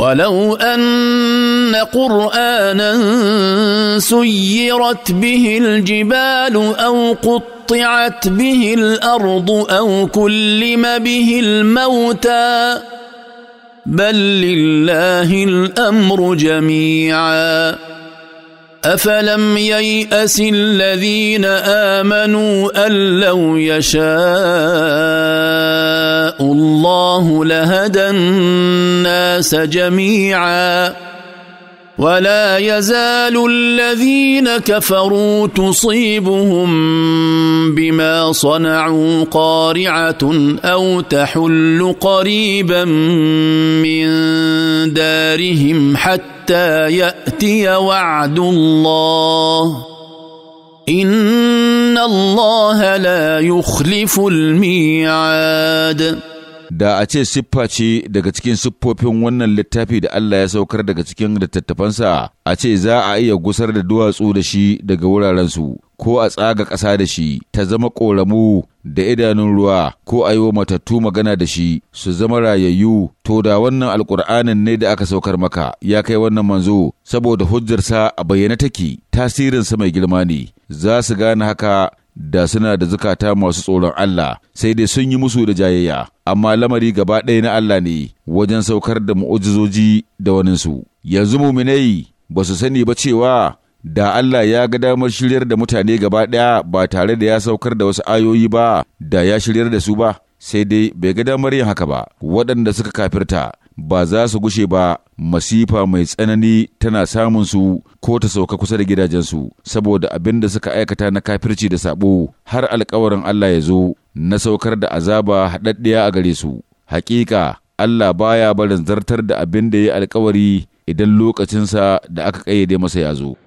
ولو ان قرانا سيرت به الجبال او قطعت به الارض او كلم به الموتى بل لله الامر جميعا افلم يياس الذين امنوا ان لو يشاء الله لهدى الناس جميعا ولا يزال الذين كفروا تصيبهم بما صنعوا قارعه او تحل قريبا من دارهم حتى ياتي وعد الله ان الله لا يخلف الميعاد da a ce siffa ce daga cikin siffofin wannan littafi da Allah ya saukar daga cikin littattafansa a ce za a iya gusar da duwatsu da shi daga wurarensu ko a tsaga ƙasa da shi ta zama ƙoramu da idanun ruwa ko a yi wa matattu magana da shi su zama rayayyu to da wannan alƙur'anin ne da aka saukar maka ya kai wannan manzo saboda hujjarsa a bayyana take tasirinsa mai girma ne za su gane haka da suna da zukata masu tsoron Allah sai dai sun yi musu da jayayya amma lamari gaba ɗaya na Allah ne wajen saukar da mu'ujizoji da waninsu yanzu mu minai ba su sani ba cewa da Allah ya ga damar shiryar da mutane gaba ɗaya ba tare da ya saukar da wasu ayoyi ba da ya shiryar da su ba sai dai bai ga damar yin haka ba waɗanda suka kafirta ba za su gushe ba masifa mai tsanani tana samun su ko ta sauka kusa da gidajensu saboda abin da suka aikata na kafirci da sabo har alkawarin Allah ya zo na saukar da azaba haɗaɗɗiya a gare su hakika Allah baya barin zartar da abin da ya alkawari idan lokacinsa da aka ƙayyade masa ya zo